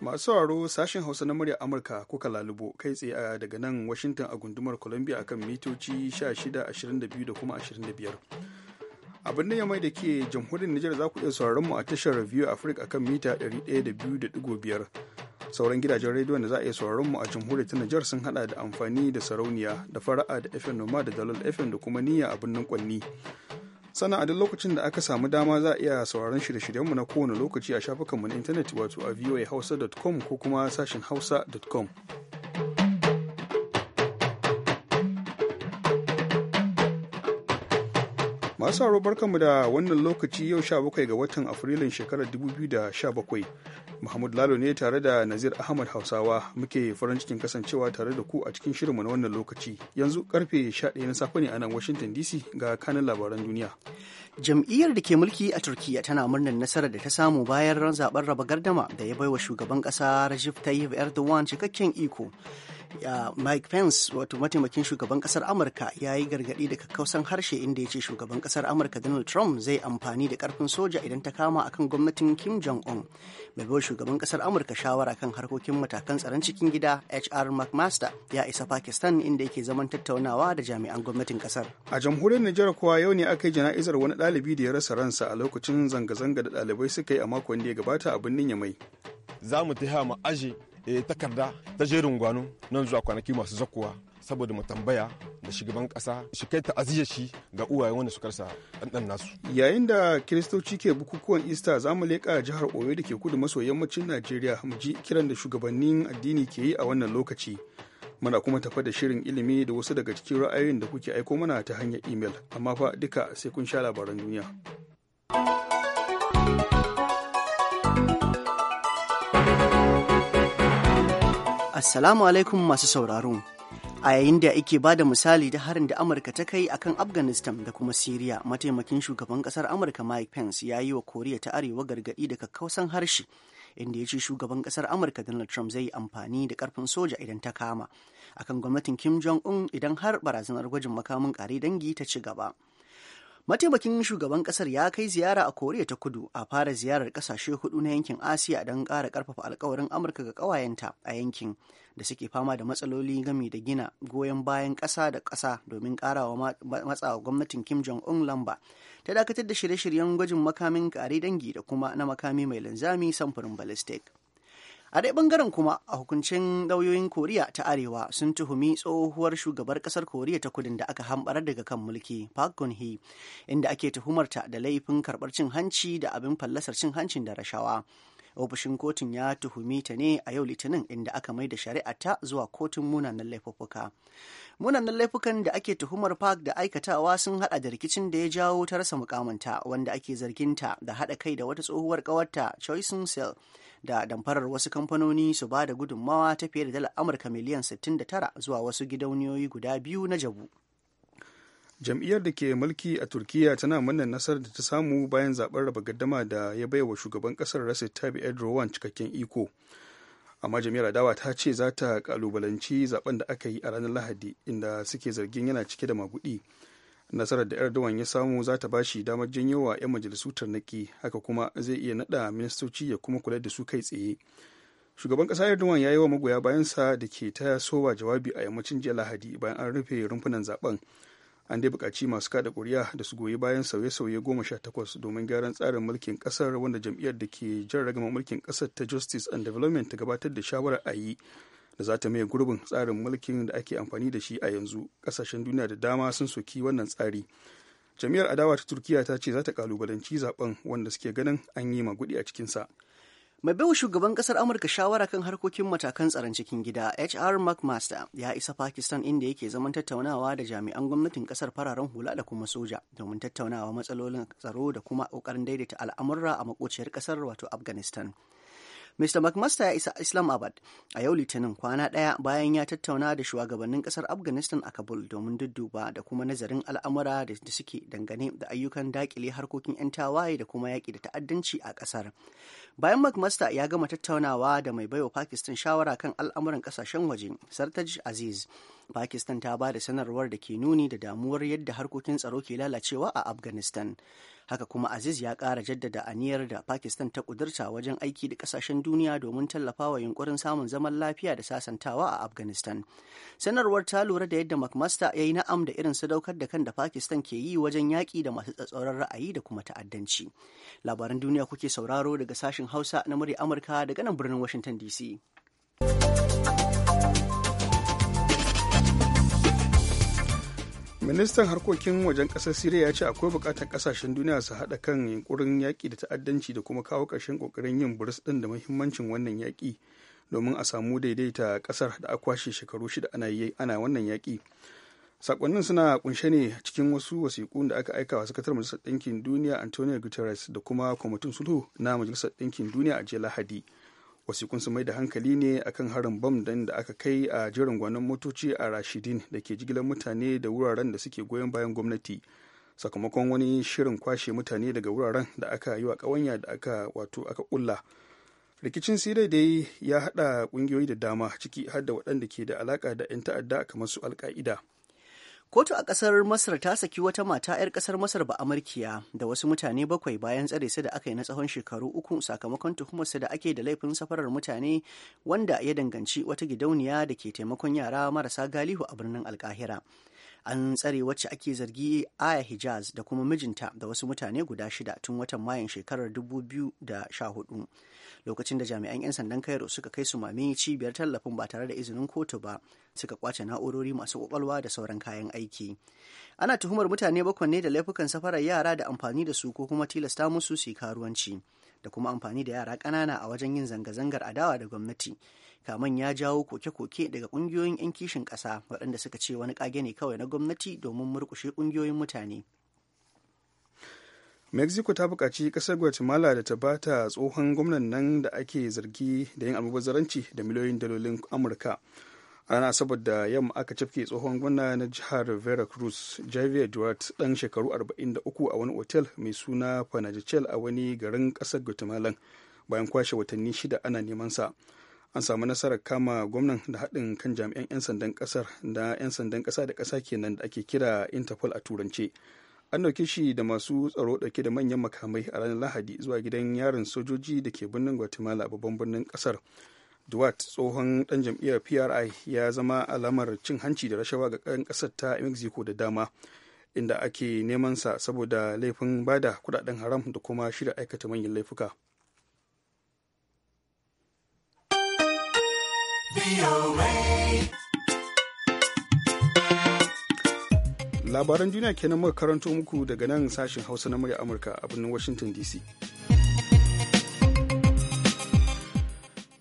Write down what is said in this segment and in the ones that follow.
masu sauraro sashen hausa na murya amurka kuka lalubo kai tsaye daga nan washington a gundumar columbia akan mitoci 16 22 da kuma 25 abin da ya mai da ke jamhuriyar Nijar za ku iya sauraron mu a tashar Review Africa akan mita 102.5 sauran gidajen rediyon da za a iya sauraron mu a jamhuriyar ta Nijar sun hada da amfani da sarauniya da fara'a da FM Noma da Dalol FM da kuma niyya a birnin Kwanni. Sana a duk lokacin da aka samu dama za a iya sauraron shirye-shiryenmu na kowane lokaci a shafukanmu na intanet wato a voahausa.com ko kuma sashin hausa.com. masu sauraro barkanmu da wannan lokaci yau sha 17 ga watan afrilun shekarar 2017 Muhammad Lalo ne tare da Nazir Ahmad Hausawa muke farin cikin kasancewa tare da ku a cikin shirinmu na wannan lokaci. Yanzu karfe 11 na safe ne a nan Washington DC ga kanin labaran duniya. Jam'iyyar da ke mulki a turkiya tana murnar nasarar da ta samu bayan ran zaben raba gardama da ya baiwa shugaban kasa Recep Tayyip Erdogan cikakken iko. mike pence wato mataimakin shugaban kasar amurka ya yi gargaɗi da kakkausan harshe inda ya ce shugaban kasar amurka donald trump zai amfani da karfin soja idan ta kama akan gwamnatin kim jong-un mai baiwa shugaban kasar amurka shawara kan harkokin matakan tsaron cikin gida hr mcmaster ya isa pakistan inda yake zaman tattaunawa da jami'an gwamnatin kasar a jamhuriyar nijar kuwa yau ne aka yi jana'izar wani ɗalibi da ya rasa ransa a lokacin zanga-zanga da ɗalibai suka yi a makon da ya gabata a birnin yamai za mu taya mu aje Eh, takarda ta jerin gwano nan zuwa kwanaki masu zakuwa saboda mu tambaya da shugaban kasa shi kai ta'aziyar shi ga uwaye wanda su karsa ɗanɗan nasu. Yayin da Kiristoci ke bukukuwan easter za mu leƙa jihar Oyo da ke kudu maso yammacin Najeriya mu ji kiran da shugabannin addini ke yi a wannan lokaci. Muna kuma tafa da shirin ilimi da wasu daga cikin ra'ayoyin da kuke aiko mana ta hanyar imel amma fa duka sai kun sha labaran duniya. Assalamu alaikum masu sauraro. A yayin da ake ba da misali da harin da Amurka ta kai akan Afghanistan da kuma Siriya, mataimakin shugaban kasar Amurka Mike Pence ya yi wa Koriya ta Arewa gargaɗi da kakkausan harshe, inda ya ce shugaban kasar Amurka Donald Trump zai yi amfani da karfin soja idan ta kama, akan gwamnatin Kim Jong-un idan har barazanar gwajin makamin ƙare dangi ta ci gaba. mataimakin shugaban kasar ya kai ziyara a koriya ta kudu a fara ziyarar kasashe hudu na yankin asiya don ƙara ƙarfafa alkawarin amurka ga ƙawayenta a yankin da suke fama da matsaloli gami da gina goyon bayan ƙasa da ƙasa domin wa matsawa gwamnatin kim jong un lamba ta dakatar da shirye-shiryen gwajin makamin kare dangi da kuma na makami mai linzami samfurin ballistic a ɓangaren bangaren kuma a hukuncin lauyoyin koriya ta arewa sun tuhumi tsohuwar shugabar kasar koriya ta kudin da aka hambarar daga kan mulki park geun inda ake tuhumarta da laifin karɓar cin hanci da abin fallasar cin hancin da rashawa ofishin kotun ya tuhumi ta ne a yau litinin inda aka mai da shari'a ta zuwa kotun munanan laifuka. munanan laifukan da ake tuhumar park da aikatawa sun hada da rikicin da ya jawo ta rasa mukamanta wanda ake zarginta da hada kai da wata tsohuwar kawarta Choison sel da damfarar wasu kamfanoni su ba da gudunmawa ta fiye da dalar amurka miliyan 69 zuwa wasu gidauniyoyi guda biyu na jabu jam'iyyar da ke mulki a turkiya tana wannan nasarar da ta samu bayan zaben raba gaddama da ya baiwa shugaban kasar rasit tabi Erdogan cikakken iko amma jam'iyyar adawa ta ce za ta kalubalanci zaben da aka yi a ranar Lahadi inda suke zargin yana cike da magudi nasarar da Erdogan ya samu za ta bashi damar janyo wa 'yan majalisu tarnaki haka kuma zai iya nada ministoci ya kuma kula da su kai tsaye shugaban kasa Erdogan ya yi wa magoya bayansa da ke ta sowa jawabi a yammacin jiya Lahadi bayan an rufe rumfunan zaben an dai bukaci masu kada ƙuri'a da su goyi bayan sauye-sauye goma sha takwas domin gyaran tsarin mulkin ƙasar wanda jam'iyyar da ke jan ragama mulkin ƙasar ta justice and development ta gabatar da shawarar a yi da za ta maye gurbin tsarin mulkin da ake amfani da shi a yanzu ƙasashen duniya da dama sun soki wannan tsari jam'iyyar adawa ta turkiya ta ce za ta kalubalanci zaben wanda suke ganin an yi magudi a cikinsa. mai baiwa shugaban kasar amurka shawara kan harkokin matakan tsaron cikin gida hr mcmaster ya isa pakistan inda yake zaman tattaunawa da jami'an gwamnatin kasar fararen hula da kuma soja domin tattaunawa matsalolin tsaro da kuma kokarin daidaita al'amurra a makociyar kasar wato afghanistan Mr. McMaster ya isa Islamabad a yau Litinin kwana ɗaya bayan ya tattauna da shugabannin ƙasar Afghanistan a Kabul domin dudduba da kuma nazarin al'amura da suke dangane da ayyukan dakile harkokin 'yan tawaye da kuma yaƙi da ta'addanci a ƙasar. Bayan McMaster ya gama tattaunawa da mai baiwa Pakistan shawara kan al'amuran ƙasashen waje, Sartaj Aziz. Pakistan ta ba da sanarwar da ke nuni da damuwar yadda harkokin tsaro ke lalacewa a Afghanistan. haka kuma aziz ya kara jaddada aniyar da pakistan ta kudurta wajen aiki da kasashen duniya domin tallafawa yunkurin samun zaman lafiya da sasantawa a afghanistan sanarwar ta lura da yadda mcmaster ya yi na'am da irin sadaukar da kan da pakistan ke yi wajen yaƙi da masu tsatsauran ra'ayi da kuma ta'addanci labaran duniya kuke sauraro daga sashen hausa na murya amurka daga nan birnin washington dc ministan harkokin wajen ƙasar siriya ya ce akwai bukatar ƙasashen duniya su haɗa kan yunkurin yaƙi da ta'addanci da kuma kawo ƙarshen ƙoƙarin yin buris ɗin da muhimmancin wannan yaƙi domin a samu daidaita ƙasar da kwashe shekaru shida ana yi ana wannan yaƙi sakonnin suna kunshe ne cikin wasu wasiƙun da aka aika wa sakatar majalisar ɗinkin duniya antonio guterres da kuma kwamitin sulhu na majalisar ɗinkin duniya a jiya lahadi wasikun su mai da hankali ne akan harin bam da aka kai a jiran gwanon motoci a rashidin da ke jigilar mutane da wuraren da suke goyon bayan gwamnati sakamakon wani shirin kwashe mutane daga wuraren da aka yi wa kawanya da aka wato aka ƙulla rikicin sirai dai ya haɗa ƙungiyoyi da dama ciki har da waɗanda ke da alaka da 'yan ta'adda kamar su alka'ida Kotu a kasar Masar ta saki wata mata 'yar kasar Masar ba Amurkiya da wasu mutane bakwai bayan tsare su da aka yi na tsawon shekaru uku sakamakon tuhumar su da ake da laifin safarar mutane wanda ya danganci wata gidauniya da ke taimakon yara marasa galihu a birnin Alkahira. an tsare wacce ake zargi aya hijaz da kuma mijinta da wasu mutane guda shida tun watan mayan shekarar 2014 lokacin da jami'an 'yan sandan cairo suka kai su mami cibiyar tallafin ba tare da izinin kotu ba suka kwace na'urori masu kwakwalwa da sauran kayan aiki ana tuhumar mutane bakwai ne da laifukan safarar yara da amfani da su ko kuma tilasta musu su yi karuwanci da kuma amfani da yara ƙanana a wajen yin zanga-zangar adawa da gwamnati kamar ya jawo koke-koke daga ƙungiyoyin 'yan kishin ƙasa waɗanda suka ce wani ƙage ne kawai na gwamnati domin murƙushe ƙungiyoyin mutane mexico ta buƙaci ƙasar guatemala da ta bata tsohon gwamnan nan da ake zargi da yin almubazzaranci da miliyoyin dalolin amurka a ranar asabar da yamma aka cafke tsohon gwamna na jihar veracruz javier duarte ɗan shekaru 43 a wani otel mai suna panajichel a wani garin ƙasar guatemala bayan kwashe watanni shida ana neman sa an samu nasarar kama gwamnan da haɗin kan jami'an 'yan sandan ƙasar da 'yan sandan ƙasa da ƙasa kenan da ake kira interpol a turance an ɗauki shi da masu tsaro ɗauke da manyan makamai a ranar lahadi zuwa gidan yarin sojoji da ke birnin guatemala babban birnin ƙasar duwat tsohon ɗan jam'iyyar pri ya zama alamar cin hanci da rashawa ga ƙasar ƙasar ta mexico da dama inda ake neman sa saboda laifin bada kudaden haram da kuma shirya aikata manyan laifuka labaran duniya kenan muka karanto muku daga nan sashen hausa na murya amurka a birnin washington dc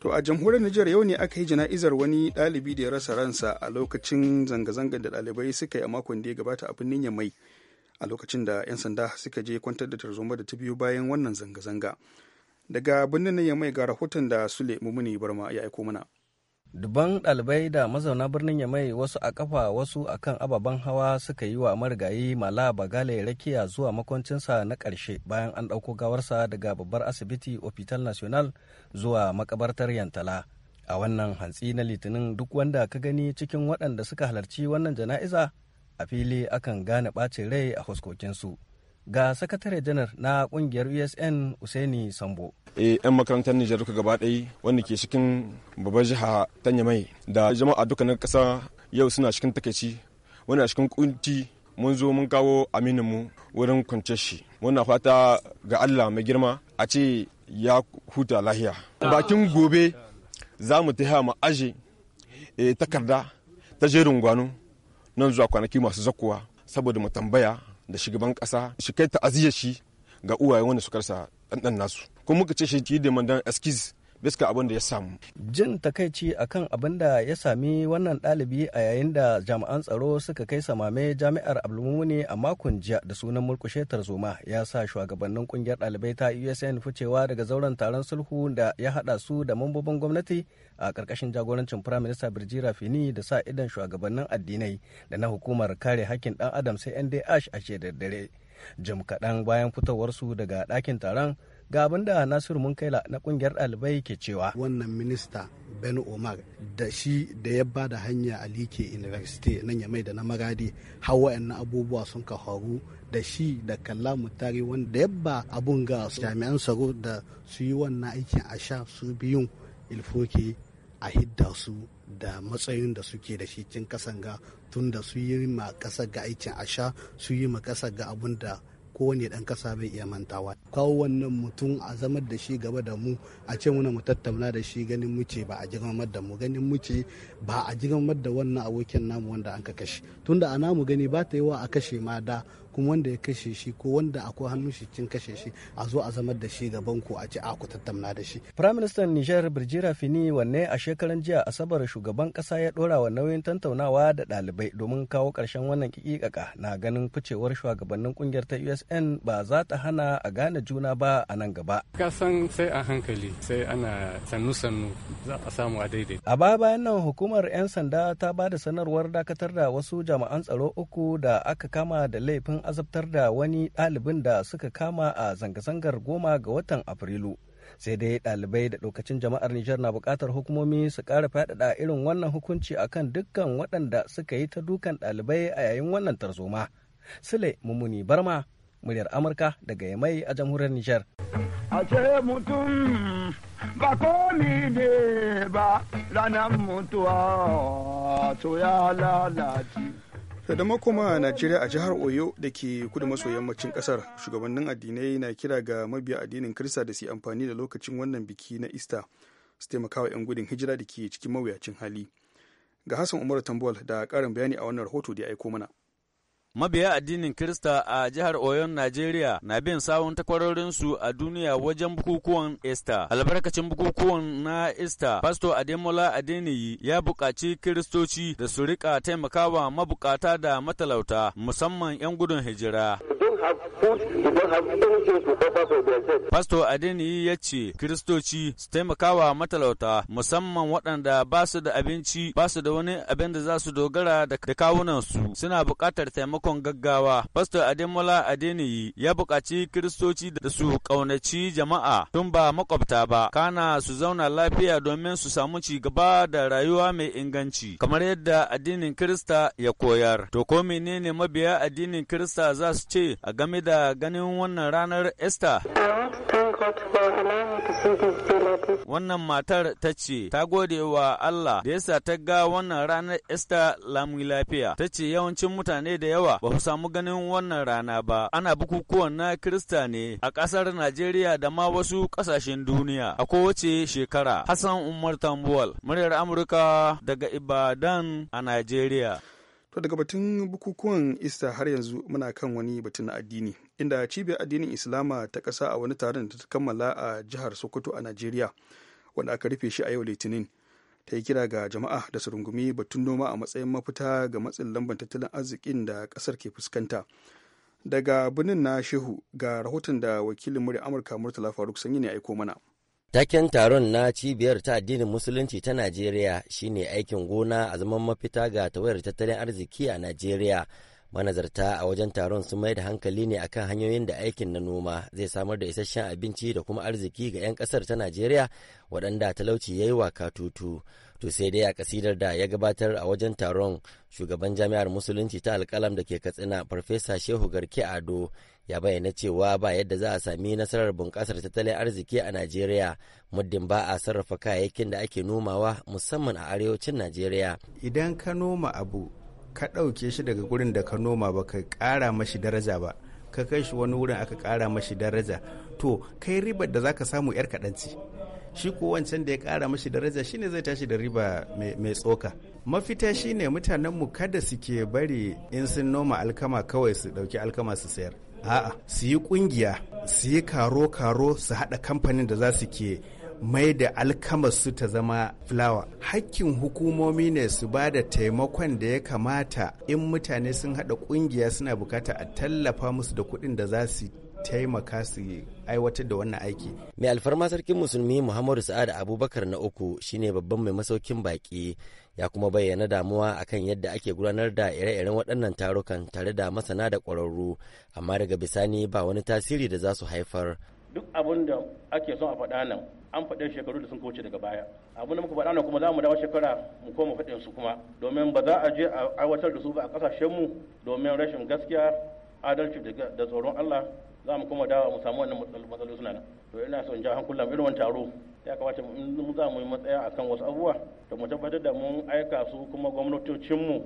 to a jamhuriyar nijar yau ne aka yi jana'izar wani ɗalibi da ya rasa ransa a lokacin zanga-zangar da ɗalibai suka yi a makon da ya gabata a birnin yamai a lokacin da 'yan sanda suka je kwantar da tarzoma da ta biyu bayan wannan zanga-zanga daga birnin yamai ga rahoton da sule mumuni barma ya aiko mana Duban ɗalibai da mazauna birnin Yamai wasu a ƙafa wasu a kan ababen hawa suka yi wa marigayi Mala Bagale rakiya zuwa makwancinsa na ƙarshe bayan an ɗauko gawarsa daga babbar asibiti Hopital National zuwa makabartar Yantala. A wannan hantsi na litinin duk wanda ka gani cikin waɗanda suka halarci wannan jana'iza a fili akan gane ɓacin rai a huskokinsu. ga sakatare janar na kungiyar usn usaini sambo e eh, yan makarantar nijar duka gaba ɗaya wanda ke cikin babbar jiha ta nyamai da jama'a duka na ƙasa yau suna cikin takaici wani a cikin kunci mun zo mun kawo aminin mu wurin kwance shi muna fata ga allah mai girma a ce ya huta lahiya bakin gobe za mu taya mu aje eh, takarda ta jerin gwano nan zuwa kwanaki masu zakuwa saboda mu tambaya da shugaban kasa shi kai aziyar shi ga uwaye wanda su karsa ɗanɗan nasu kuma muka ce shi ki da mandan eskiz bisa abin da ya samu. Jin takaici akan abin da ya sami wannan ɗalibi a yayin da jami'an tsaro suka kai samame jami'ar Abdulmumuni a makon jiya da sunan murkushe tarzoma ya sa shugabannin kungiyar ɗalibai ta USN ficewa daga zauren taron sulhu da ya haɗa su da mambobin gwamnati a ƙarƙashin jagorancin Firaminista Birjira Fini da sa idan shugabannin addinai da na hukumar kare haƙƙin ɗan adam sai NDH a da dare. Jim kaɗan bayan fitowarsu daga ɗakin taron ga abin da nasiru munkaila na kungiyar dalibai ke cewa wannan minista ben omar da shi da ya ba da hanya a like university nan ya mai da na magadi har na abubuwa sun ka faru da shi da kalla mutari wanda ya ba abun ga jami'an tsaro da su yi wannan aikin a sha su biyun ilfoki a hidda su da matsayin da suke da shi cin kasan ga tun da su yi ma kasar ga aikin a sha su yi ma kasar ga abun da kowane dan kasa bai iya mantawa kawo wannan mutum a zamar da shi gaba da mu a ce muna mu tattauna da shi ganin mu ce ba a jigamar da mu ganin mu ce ba a jigamar da wannan abokin namu wanda an ka kashe tunda a mu gani ba ta yi wa a kashe ma da kuma wanda ya kashe shi ko wanda akwai hannun shi cin kashe shi a zo a zamar da shi gaban ku a ci a ku tattauna da shi. Prime Minister Niger Birjira Fini wanne a shekaran jiya Asabar shugaban kasa ya dora wa nauyin tantaunawa da ɗalibai domin kawo karshen wannan kikikaka na ganin ficewar shugabannin kungiyar ta USN ba za ta hana a gane juna ba a nan gaba. Kasan sai a hankali sai ana sannu-sannu za a samu a daidai. A baya bayan nan hukumar 'yan sanda ta ba da sanarwar dakatar da wasu jami'an tsaro uku da aka kama da laifin azabtar da wani ɗalibin da suka kama a zanga-zangar goma ga watan Afrilu. Sai dai ɗalibai da lokacin jama'ar Nijar na bukatar hukumomi su ƙara faɗaɗa irin wannan hukunci akan dukkan waɗanda suka yi ta dukan ɗalibai a yayin wannan tarzoma. Sule Mummuni Barma, muryar Amurka daga Yamai a jamhuriyar Nijar. A ce mutum ba komi ne ba ranar mutuwa to ya lalace. da makoma a najeriya a jihar oyo da ke kudu maso yammacin kasar shugabannin addinai na kira ga mabiya addinin kirista da su amfani da lokacin wannan biki na ista su taimakawa 'yan gudun hijira da ke cikin mawuyacin hali ga hassan umaru tambol da karin bayani a wannan rahoto da ya aiko mana Mabiya addinin Kirista a jihar Oyon, Najeriya na bin sawun takwarorinsu a duniya wajen bukukuwan Easter. Albarkacin bukukuwan na Easter, Pastor Ademola Adeniyi ya buƙaci Kiristoci da su riƙa taimakawa mabukata da matalauta, musamman 'yan gudun hijira. have Pastor Adeniyi ya ce Kiristoci su taimakawa matalauta musamman waɗanda ba su da abinci ba su da wani abin da za su dogara da kawunansu suna buƙatar taimakon gaggawa. Pastor Ademola Adeniyi ya buƙaci Kiristoci da su ƙaunaci jama'a tun ba makwabta ba kana su zauna lafiya domin su samu ci gaba da rayuwa mai inganci kamar yadda addinin Kirista ya koyar. To ko menene mabiya addinin Kirista za su ce a game da ganin wannan ranar Esther. Wannan matar ta ce, ta gode wa Allah da yasa ta ga wannan ranar Esther lamun lafiya. Ta ce yawancin mutane da yawa ba su samu ganin wannan rana ba. Ana bukukuwan na Kirista ne a ƙasar Najeriya da ma wasu ƙasashen duniya a kowace shekara. Hassan Umar Tambuwal, muryar Amurka daga Ibadan a Najeriya. To daga batun bukukuwan ista har yanzu muna kan wani batun na addini, inda cibiyar addinin Islama ta ƙasa a wani taron da ta kammala a jihar Sokoto a Najeriya, wanda aka rufe shi a yau Litinin. Ta yi kira ga jama'a da su rungumi batun noma a matsayin mafita ga matsin lambar tattalin arzikin da kasar ke fuskanta. Daga birnin na Shehu ga rahoton da wakilin murya Amurka Murtala Faruk Sanyi ne aiko mana. Taken taron na cibiyar ta addinin musulunci ta Najeriya shine aikin gona a zaman mafita ga tawayar tattalin arziki a Najeriya. Manazarta a wajen taron sun mai da hankali ne akan hanyoyin da aikin na noma zai samar da isasshen abinci da kuma arziki ga 'yan kasar ta Najeriya waɗanda talauci ya yi wa katutu. To sai dai a kasidar da ya gabatar a wajen taron shugaban jami'ar musulunci ta alkalam da ke katsina Farfesa Shehu Garke Ado ya bayyana cewa ba yadda za a sami nasarar bunƙasar tattalin arziki a najeriya muddin ba a sarrafa kayayyakin da ake nomawa musamman a arewacin najeriya idan ka noma abu ka ɗauke shi daga gurin da ka noma ba ka ƙara mashi daraja ba ka kai shi wani wurin aka ƙara mashi daraja to kai ribar da zaka samu yar kaɗanci shi ko wancan da ya ƙara mashi daraja shine zai tashi da riba mai tsoka mafita shine mutanenmu kada suke bari in sun noma alkama kawai su ɗauki alkama su sayar a'a su yi kungiya su yi karo-karo su haɗa kamfanin da za su ke mai da su ta zama fulawa hakkin hukumomi ne su ba da taimakon da ya kamata in mutane sun haɗa ƙungiya suna bukata a tallafa musu da kuɗin da za su taimaka su aiwatar da wannan aiki. Mai alfarma sarkin musulmi Muhammadu Sa'ad Abubakar na uku shine babban mai masaukin baƙi. ya kuma bayyana damuwa akan yadda ake gudanar da ire-iren waɗannan tarukan tare da masana da ƙwararru amma daga bisani ba wani tasiri da za su haifar duk abin da ake son a faɗa nan an faɗin shekaru da sun kauce daga baya abin da muka faɗa nan kuma za mu dawo shekara mu koma faɗin su kuma domin ba za a je a aiwatar da su ba a ƙasashenmu domin rashin gaskiya adalci da tsoron Allah za mu kuma dawo mu samu wannan matsalolin suna nan to ina son ja hankulan irin wani taro ya kamata mu za mu yi matsaya akan wasu abubuwa da mu tabbatar da mun aika su kuma gwamnatocinmu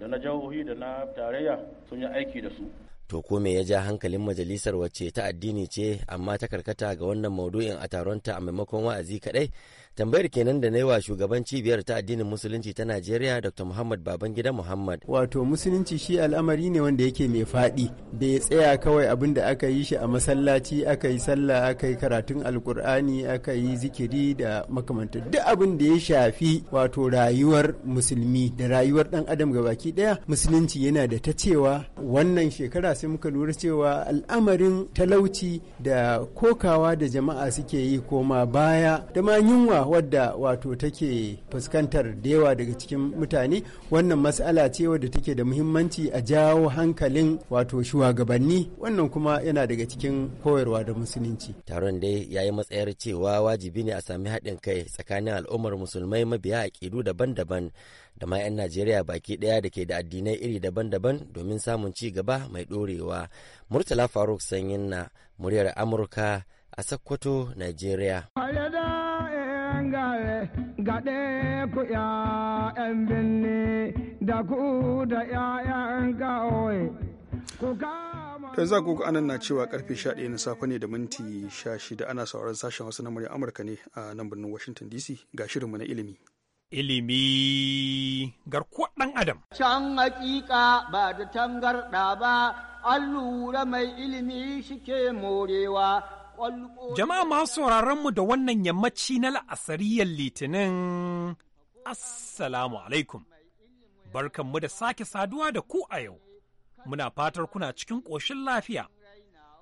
da na jihohi da na tarayya sun yi aiki da su to ko me ya ja hankalin majalisar wacce ta addini ce amma ta karkata ga wannan maudu'in a taronta a maimakon wa'azi kadai tambayar kenan da na wa shugaban cibiyar ta addinin musulunci ta najeriya dr muhammad babangida muhammad wato musulunci shi al'amari ne wanda yake mai faɗi da ya tsaya kawai abin da aka yi shi a masallaci aka yi sallah aka yi karatun alkur'ani aka yi zikiri da makamanta duk abin da ya shafi wato rayuwar musulmi da rayuwar dan adam ga baki daya musulunci yana da ta cewa wannan shekara sai muka lura cewa al'amarin talauci da kokawa da jama'a suke yi koma baya da ma yunwa wadda wato take fuskantar da yawa daga cikin mutane wannan matsala ce wadda take da muhimmanci a jawo hankalin wato shugabanni wannan kuma yana daga cikin koyarwa da musulunci taron dai ya yi matsayar cewa wajibi ne a sami haɗin kai tsakanin al'ummar musulmai mabiya a ƙidu daban-daban da ma 'yan najeriya baki ɗaya da ke da addinai iri daban-daban domin samun ci gaba mai ɗorewa murtala faruk sanyin na muryar amurka a sakkwato Najeriya. Eh, gare gaɗe ‘ya'yan binne da da ‘ya'yan kawai. anan na cewa karfe 11 na safe ne da minti 16 ana sauran sashen wasu na murya Amurka ne a nan birnin Washington DC ga shirinmu na ilimi. Ilimi garkuwa ɗan Adam. Can hakika ba da tangarɗa ba, an lura mai ilimi shike morewa Jama'a masu sauraron mu da wannan yammaci na la'asariyar litinin Assalamu alaikum. Barkanmu da sake saduwa da ku a yau. Muna fatar kuna cikin ƙoshin lafiya.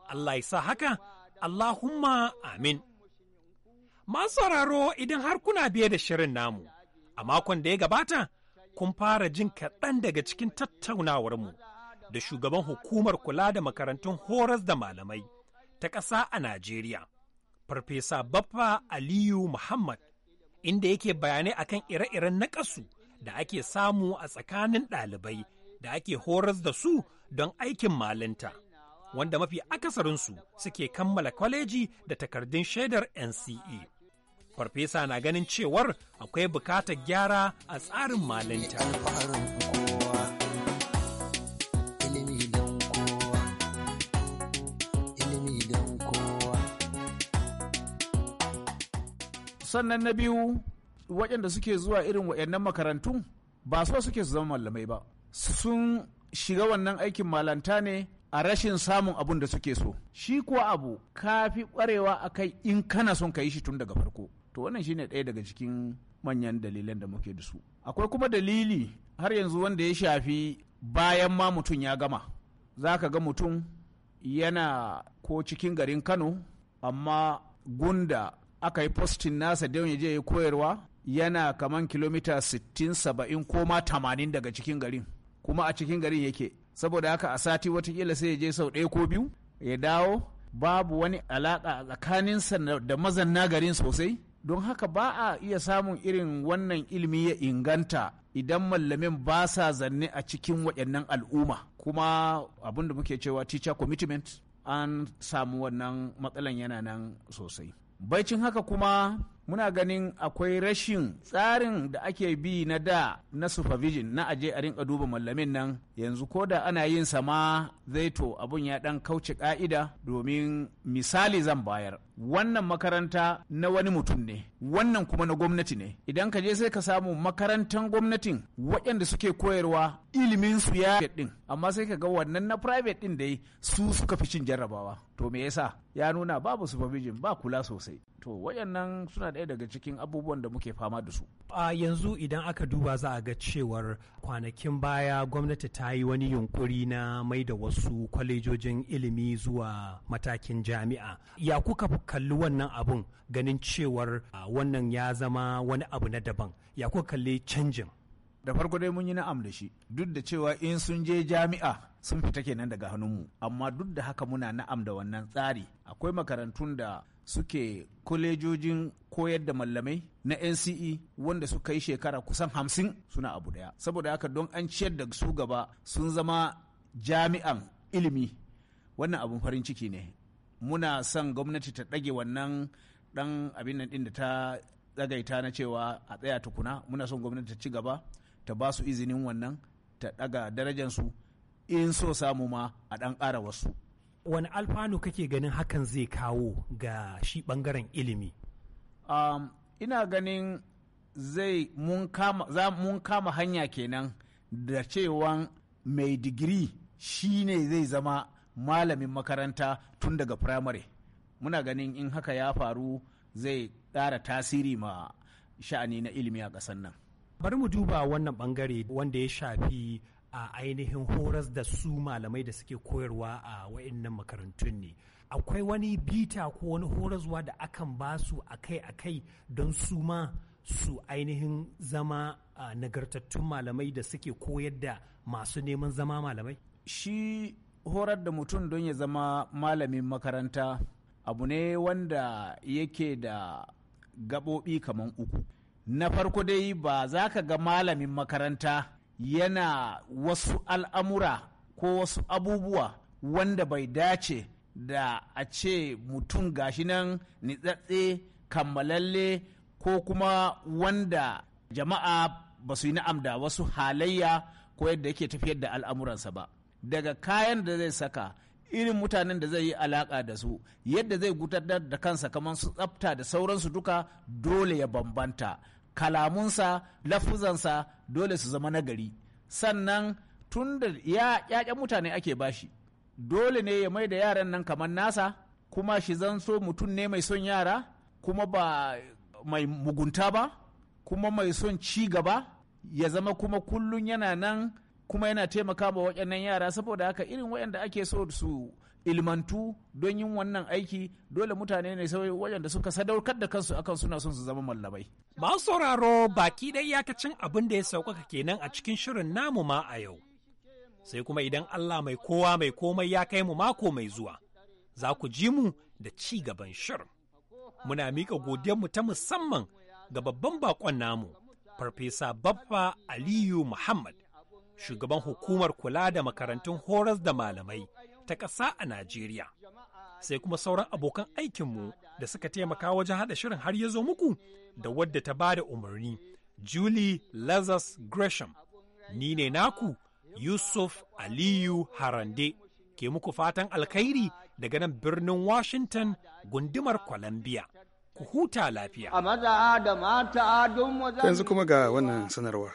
Allah ya sa haka, Allahumma amin. Masu sauraro idan har kuna biye da shirin namu, a makon da ya gabata, kun fara jin kaɗan daga cikin tattaunawarmu da shugaban hukumar kula da makarantun horas da malamai. ta ƙasa a Najeriya, Farfesa Baffa Aliyu Muhammad, inda yake bayanai akan ire-iren naƙasu da ake samu a tsakanin ɗalibai da ake horas da su don aikin malinta, wanda mafi akasarinsu suke kammala kwaleji da takardun shaidar NCE. Farfesa na ganin cewar akwai bukatar gyara a tsarin malinta. sannan na biyu waɗanda suke zuwa irin waɗannan makarantu ba so suke su zama malamai ba sun shiga wannan aikin malanta ne a rashin samun abun da suke so shi kuwa abu ka fi ƙwarewa a kai in kana son ka yi shi tun daga farko to wannan shine ɗaya daga cikin manyan dalilan da muke da su akwai kuma dalili har yanzu wanda ya shafi bayan ma mutum ya gama za ka ga mutum yana ko cikin garin kano amma gunda aka yi postin nasa don ya je ya koyarwa yana kaman kilomita 60-70 ko ma 80 daga cikin garin kuma a cikin garin yake saboda haka a sati watakila sai ya je sau ɗaya ko biyu ya dawo babu wani alaƙa a tsakaninsa da mazanna garin sosai don haka ba a iya samun irin wannan ilimi ya inganta idan mallamin ba sa zanne a cikin waɗannan al'umma kuma abin da muke cewa teacher commitment an samu wannan matsalan yana nan sosai baicin haka kuma muna ganin akwai rashin tsarin da ake bi na da na supervision na aje a rinka duba mallamin nan yanzu ko da ana yin sama zai to abun ya dan kauce ka'ida domin misali zan bayar wannan makaranta na wani mutum ne wannan kuma na gwamnati ne idan ka je sai ka samu makarantar gwamnatin waɗanda suke koyarwa ilimin su ya din amma sai ka ga wannan na private ɗin dai su suka fi cin jarrabawa to me yasa ya nuna babu supervision ba kula sosai to waɗannan suna ɗaya daga cikin abubuwan da muke fama da su a yanzu idan aka duba za a ga cewar kwanakin baya gwamnati ta yi wani yunkuri na mai da wasu kwalejojin ilimi zuwa matakin jami'a ya kuka kalli wannan abun ganin cewar wannan ya zama wani abu na daban ya kuka kalli canjin da farko dai mun yi na'am da shi duk da cewa in sun je jami'a sun fita kenan daga hannunmu amma duk da haka muna na'am da wannan tsari akwai makarantun da suke kolejojin koyar da mallamai na nce wanda suka yi shekara kusan hamsin suna abu daya saboda haka don an ciyar da su gaba sun zama jami'an ilimi wannan abin farin ciki ne muna son gwamnati ta ɗage wannan ɗan abin nan ɗin da ta tsagaita na cewa a tsaya tukuna muna son gwamnati ta ci gaba ta ba su izinin wannan ta ɗaga darajansu in so samu ma a ɗan ƙara wasu wani alfanu kake ganin hakan zai kawo ga shi bangaren ilimi um, ina ganin zai mun kama, mun kama hanya kenan da cewa mai digiri shi ne zai zama malamin makaranta tun daga firamare muna ganin in haka ya faru zai ƙara tasiri ma sha'ani na ilimi a ƙasar nan bari mu duba wannan bangare wanda ya shafi a ainihin horas da su malamai da suke koyarwa a wa'annan makarantun ne akwai wani bita ko wani horaswa da akan ba su akai-akai don su ma su ainihin zama nagartattun malamai da suke koyar da masu neman zama malamai shi horar da mutum don ya zama malamin makaranta abu ne wanda yake da gaɓoɓi kamar uku na farko dai ba za ka ga malamin makaranta yana wasu al'amura ko wasu abubuwa wanda bai dace da a ce mutum gashi nan nitsatse kammalalle ko kuma wanda jama'a ba su yi na'am da wasu halayya ko yadda yake tafiyar da al'amuransa ba daga kayan da zai saka irin mutanen da zai yi alaka da su yadda zai gudanar da kansa kamar su tsafta da sauransu duka dole ya bambanta kalamunsa lafuzansa dole su zama nagari sannan tun da ya mutane ake bashi dole ne ya mai da yaran nan kamar nasa kuma shi zan so mutum ne mai son yara kuma ba mai mugunta ba kuma mai son ci gaba ya zama kuma kullun yana nan kuma yana taimaka ma waɗannan yara saboda haka irin waɗanda ake so su ilmantu don yin wannan aiki dole mutane ne sai wajen da suka sadaukar da kansu akan suna son su zama mallamai. Masu sauraro baki dai iyakacin abin da ya sauƙaƙa kenan a cikin shirin namu ma a yau. Sai kuma idan Allah mai kowa mai komai ya kai mu mako mai zuwa, za ku ji mu da ci gaban shirin. Muna miƙa godiyarmu ta musamman ga babban baƙon namu, Farfesa Babba Aliyu Muhammad, shugaban hukumar kula da makarantun horas da malamai. ta ƙasa a Najeriya. Sai kuma sauran abokan aikinmu da suka taimaka wajen haɗa shirin har ya zo muku da wadda ta ba da umarni, Julie Lazarus Gresham. Ni ne naku Yusuf Aliyu Harande ke muku fatan alkhairi daga nan birnin Washington gundumar Columbia. Ku huta lafiya. A maza da mata Yanzu kuma ga wannan sanarwa.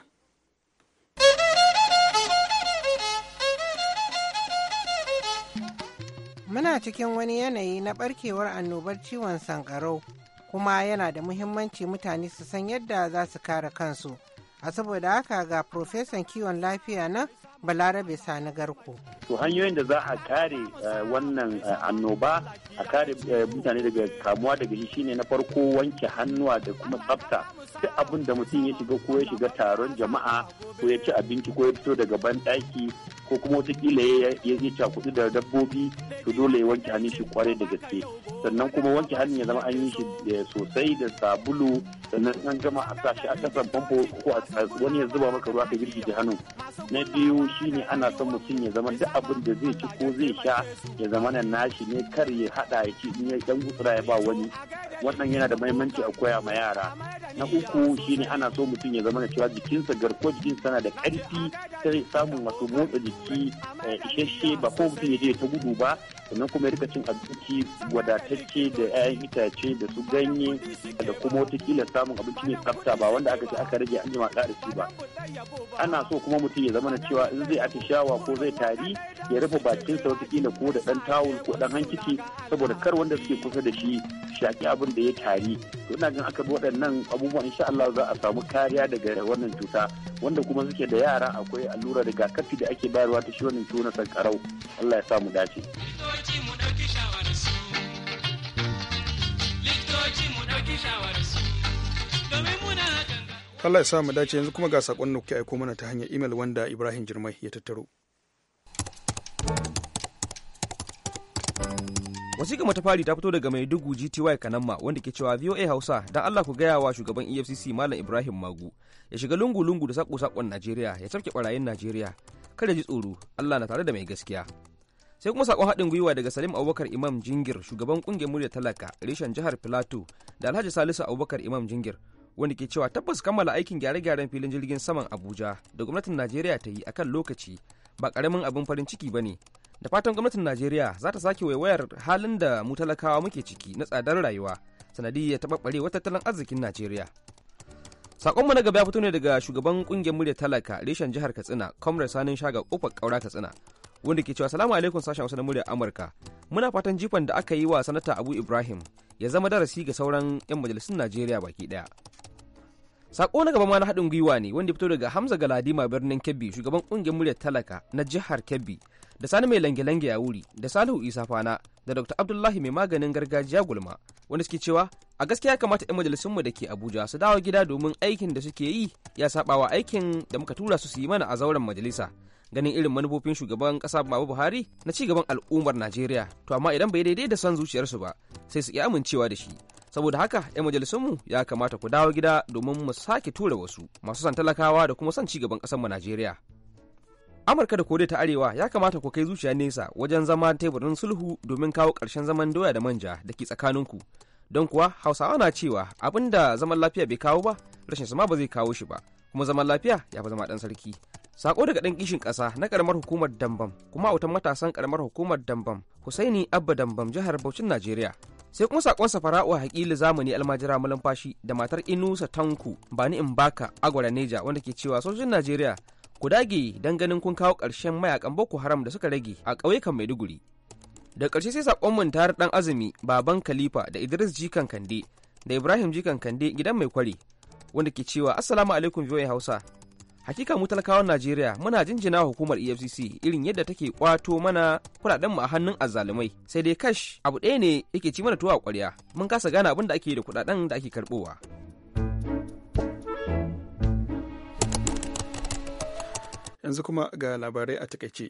Muna cikin wani yanayi na barkewar annobar ciwon sankarau kuma yana da muhimmanci mutane su san yadda za su kare kansu. A saboda haka ga Profesan kiwon lafiya na Balarabe Sani Garko. To hanyoyin da za a kare eh, wannan eh, annoba a kare eh, mutane daga kamuwa daga shi shine na farko wanke hannuwa da kuma tsafta. Duk abin da mutum ya shiga ko ya shiga taron jama'a ko ya ci abinci ko ya fito daga banɗaki ko kuma watakila ya je kuɗi da dabbobi to dole ya wanke hannun shi kwarai da gaske sannan kuma wanke hannun ya zama an yi shi eh, sosai da sabulu sannan an gama a sa shi a kasan famfo ko a wani ya zuba maka ruwa ka girgije hannu na biyu shine ana son mutum ya zama duk abin da zai ci ko zai sha ya zama na nashi ne kar ya hada ya ci in ya dan gutsura ya ba wani wannan yana da mahimmanci a koya ma yara na uku shine ana so mutum ya zama na cewa jikinsa garkuwar jikinsa na da karfi sai samun wasu motsa jiki abinci eh, isasshe ba ko mutum ya je ta gudu ba sannan kuma rika cin abinci wadatacce da 'ya'yan itace da su ganye da kuma watakila samun abinci mai tsafta ba wanda aka ce aka rage an jima ƙara ba ana so kuma mutum ya zama na cewa in zai atishawa ko zai tari ya rufe bakinsa watakila ko da ɗan tawul ko ɗan hankici saboda kar wanda suke kusa da shi shaki abin da ya tari to ina gan aka bi waɗannan abubuwan insha Allah za a samu kariya daga wannan cuta wanda kuma suke da yara akwai allurar rigakafi da ake bayarwa ta shiwanin ciwo na sankarau Allah ya sa mu dace Allah ya sa mu dace yanzu kuma ga sakon da kuke aiko mana ta hanyar imel wanda Ibrahim Jirmai ya tattaro. wasiƙa mata fari ta fito daga mai dugu gty kanamma wanda ke cewa voa hausa don allah ku gaya wa shugaban efcc malam ibrahim magu ya shiga lungu-lungu da sako-sakon najeriya ya tafke barayin najeriya kada ji tsoro allah na tare da mai gaskiya sai kuma sakon haɗin gwiwa daga salim abubakar imam jingir shugaban ƙungiyar murya talaka reshen jihar filato da alhaji salisu abubakar imam jingir wanda ke cewa tabbas kammala aikin gyare-gyaren filin jirgin saman abuja da gwamnatin najeriya ta yi akan lokaci ba ƙaramin abin farin ciki ba ne da fatan gwamnatin najeriya za ta sake waiwayar halin da mu talakawa muke ciki na tsadar rayuwa sanadiyyar wa tattalin arzikin najeriya Saƙonmu na gaba ya fito ne daga shugaban ƙungiyar murya talaka reshen jihar katsina comrade sanin shaga kofar ƙaura katsina wanda ke cewa salamu alaikum sashen wasu na murya amurka muna fatan jifan da aka yi wa sanata abu ibrahim ya zama darasi ga sauran 'yan majalisun najeriya baki ɗaya. sako na gaba ma na haɗin gwiwa ne wanda ya fito daga hamza galadima birnin kebbi shugaban ƙungiyar murya talaka na jihar kebbi da sani mai lange-lange a wuri da salihu isa fana da dr abdullahi mai maganin gargajiya gulma wanda suke cewa a gaskiya ya kamata 'yan majalisunmu da ke abuja su dawo gida domin aikin da suke yi ya sabawa aikin da muka tura su su yi mana a zauren majalisa ganin irin manufofin shugaban kasa babu buhari na ci gaban al'ummar najeriya to amma idan bai daidai da son zuciyarsu ba sai su iya amincewa da shi saboda haka 'yan majalisunmu ya kamata ku dawo gida domin mu sake tura wasu masu son talakawa da kuma son ci gaban ƙasarmu najeriya amurka da koriya ta arewa ya kamata ku kai zuciya nesa wajen zama teburin sulhu domin kawo ƙarshen zaman doya da manja da ke tsakaninku don kuwa hausawa na cewa abin da zaman lafiya bai kawo ba rashin sama ba zai kawo shi ba kuma zaman lafiya ya fi zama ɗan sarki sako daga ɗan kishin ƙasa na ƙaramar hukumar dambam kuma autan matasan ƙaramar hukumar dambam husaini abba dambam jihar bauchin najeriya sai kuma sakon safara'u hakili zamani almajira malamfashi da matar inusa tanku bani in baka agwara neja wanda ke cewa sojin najeriya ku dage don ganin kun kawo ƙarshen mayakan boko haram da suka rage a ƙauyukan maiduguri da ƙarshe sai mun tare ɗan azumi baban khalifa da idris jikan kande da ibrahim jikan kande gidan mai kwari wanda ke cewa assalamu alaikum biyoyi hausa hakika mu talakawan najeriya muna jinjina hukumar efcc irin yadda take kwato mana kuɗaɗenmu a hannun azzalumai sai dai kash abu ɗaya ne yake ci mana tuwa ƙwarya mun kasa gane abin da ake da kuɗaɗen da ake karɓowa yanzu kuma ga labarai a takaice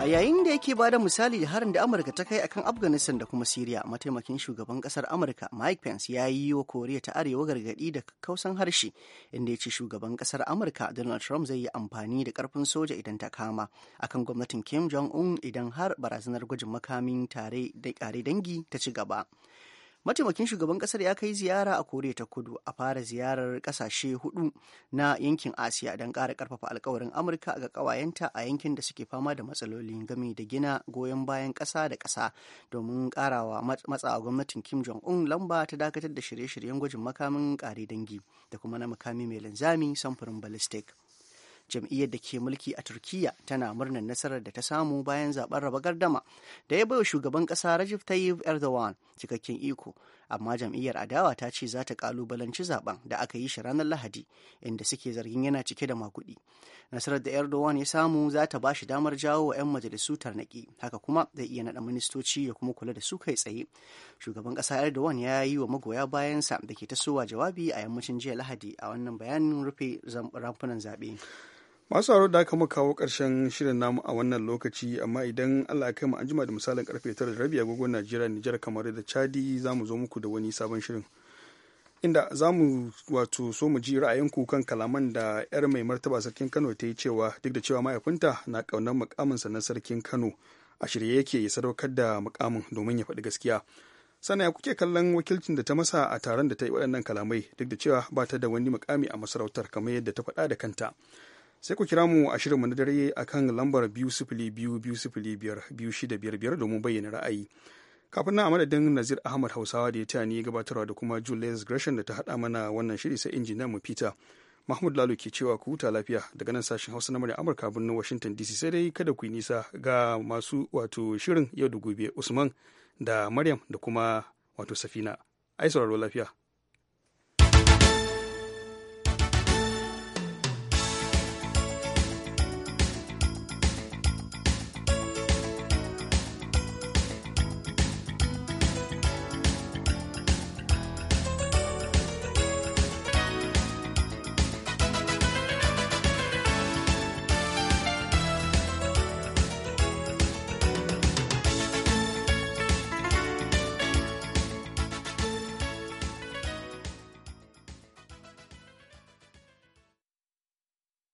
a yayin da yake da misali da harin da amurka ta kai akan afghanistan da kuma syria mataimakin shugaban kasar amurka mike pence ya yi wa koriya ta arewa gargadi da kausan harshe inda ya ce shugaban kasar amurka donald trump zai yi amfani da karfin soja idan ta kama akan gwamnatin kim jong un idan har barazanar gwajin makamin tare da kare dangi ta ci gaba mataimakin shugaban kasar ya kai ziyara a koriya ta kudu a fara ziyarar kasashe hudu na yankin asiya don kara karfafa alkawarin amurka ga kawayenta a yankin da suke fama da matsaloli game da gina goyon bayan kasa da kasa domin ƙarawa matsawa gwamnatin kim jong un lamba ta dakatar da shirye-shiryen gwajin makamin kare dangi da kuma na makami mai linzami samfurin ballistic jam'iyyar da ke mulki a turkiya tana murnar nasarar da ta samu bayan zaben raba gardama da ya baiwa shugaban kasa rajiv tayyip erdogan cikakken iko amma jam'iyyar adawa ta ce za ta kalubalanci zaben da aka yi shi ranar lahadi inda suke zargin yana cike da makudi nasarar da erdogan ya samu za ta ba damar jawo wa 'yan majalisu tarnaki haka kuma zai iya naɗa ministoci ya kuma kula da su kai tsaye shugaban ƙasa erdogan ya yi wa magoya bayansa da ke tasowa jawabi a yammacin jiya lahadi a wannan bayanin rufe rafunan zaɓe masu haro da aka kawo karshen shirin namu a wannan lokaci amma idan allah ya kaimu anjima da misalin karfe tara da rabi agogon najeriya nijar kamar da chadi za mu zo muku da wani sabon shirin inda za mu wato so mu ji ra'ayinku kan kalaman da 'yar mai martaba sarkin kano ta yi cewa duk da cewa mahaifinta na ƙaunar mukaminsa na sarkin kano a shirye yake ya sadaukar da mukamin domin ya faɗi gaskiya sana kuke kallon wakilcin da ta masa a taron da ta yi waɗannan kalamai duk da cewa ba ta da wani mukami a masarautar kamar yadda ta faɗa da kanta sai ku kira mu a shirinmu na dare a kan lambar biyu sifili biyu biyu sifili biyar biyu shida biyar biyar domin bayyana ra'ayi kafin na a madadin nazir ahmad hausawa da ya taya ni gabatarwa da kuma julius gresham da ta haɗa mana wannan shiri sai injiniyan mu fita mahmud lalo ke cewa ku huta lafiya daga nan sashen hausa na murya amurka birnin washington dc sai dai kada ku yi nisa ga masu wato shirin yau da gobe usman da maryam da kuma wato safina ai sauraro lafiya